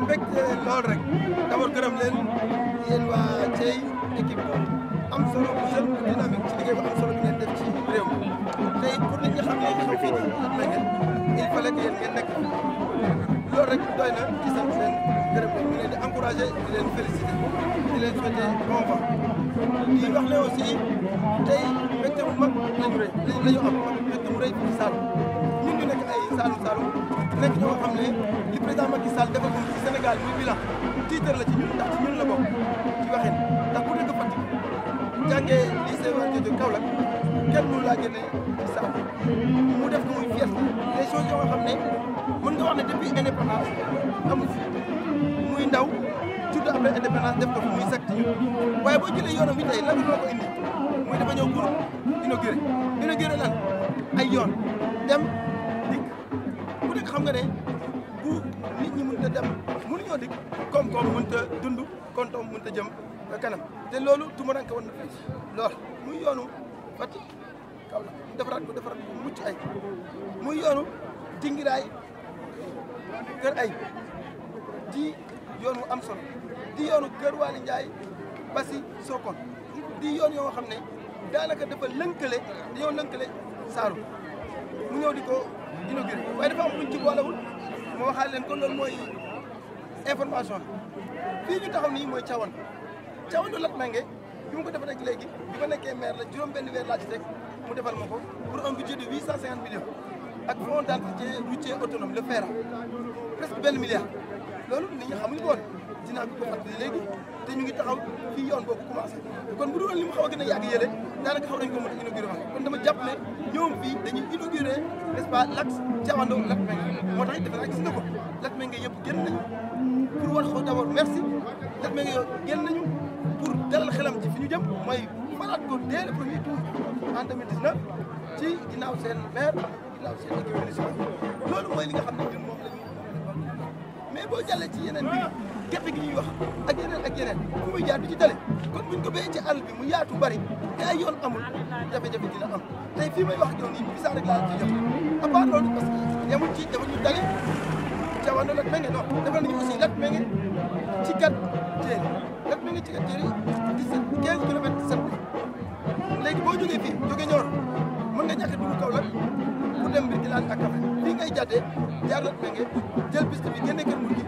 mbégte lool rek d'abord gërëm leen yéen waa Thiey équipe boobu am solo bu jeune bu dynamique ci liggéey bu am solo bi ngeen def ci réew mi tey pour nit ñi xam ne xew fii ci at na ngeen il fallait que yéen ngeen nekk loolu rek doy na ci sant leen gërëm leen ñu leen di encouragé di leen félicité di leen souhaité bon vent di wax ne aussi tey la ñu am fekk mu rëy fii Saloum ñun ñu nekk ay Saloum Saloum nekk ñoo xam ne li président Macky Sall defal ko ci Sénégal muy bilan tiitar la ci ñun ndax ci ñun la bokk ci waxin ndax ku dëkk Fatick jàngee lycée waa Jojo Kaolack kenn mënu laa génne Saloum mu def ko muy fier les choses yoo xam ne mën nga wax ne depuis indépendance amul fi muy ndaw tudd après indépendance def ko fi muy secte yi waaye boo jëlee yoonam bi tey lan moo ko indi muy dafa ñëw groupe inauguré inauguré lan ay yoon dem dikk ku nekk xam nga ne bu nit ñi mënut a dem mënuñoo dikk koom-koom mënut a dund kontoom mënut a jëm kanam te loolu tumuranke woon na fii lool muy yoonu Fatick kaw la defaraat ko defaraat muc mucc ay muy yoonu dingiraay kër ay di yoon wu am solo di yoonu Kër Waly Ndiaye Basi Sokone di yoon yoo xam ne daanaka dafa lënkale dañoo lënkale Saalum mu ñëw di ko inauguré waaye dafa am luñ ci boolewul moo waxaale leen kon loolu mooy information bi fii ñu taxaw nii mooy cawan cawan du lat nange bi mu ko defal rek léegi bi ma nekkee maire la juróom benn weer laa ci teg mu defal ma ko pour un budget de huit cent cinquante millions ak fond d'entretien routier autonome le FERA presque benn milliard loolu nit ñi xamuñu ko woon dinaa ko fàttali léegi te ñu ngi taxaw fii yoon boobu commencé kon bu dul woon mu xaw a gën a yàgg yële daanaka xaw nañu ko mën a inauguré wax kon dama jàpp ne ñoom fii dañuy inauguré n'est-ce pas l'axe Diawandoor Latmingué moo tax it defe naa gis nga ko Latmingué yëpp génn pour wax ko d'abord merci Latmingué yow génn pour dalal xelam ci fi ñu jëm mooy falaat ko dès le premier tour en 2019 ci ginnaaw seen maire ginnaaw seen équipe municipale boo jàllee ci yeneen bi gerte gi ñuy wax ak yeneen ak yeneen fu muy jaar ci tale kon buñ ko béyee ci àll bi mu yaatu bari te ay yoon amul jafe-jafe dina am tey fii may wax ak yow nii bisaab rek laa ci jot à part loolu parce que yemul ci dafa ñu dale jamono lat menge non defal nañu aussi lat menge ci kat téere lat menge ci kat téere dix-sept quinze kilomètres dix-sept léegi boo jógee fii jógee Nioro nga ñàkk dugg Kaolack pour dem bi di laal ak Kaffrine ngay jàddee jaar Latmingué jël piste bi génne mu Moussa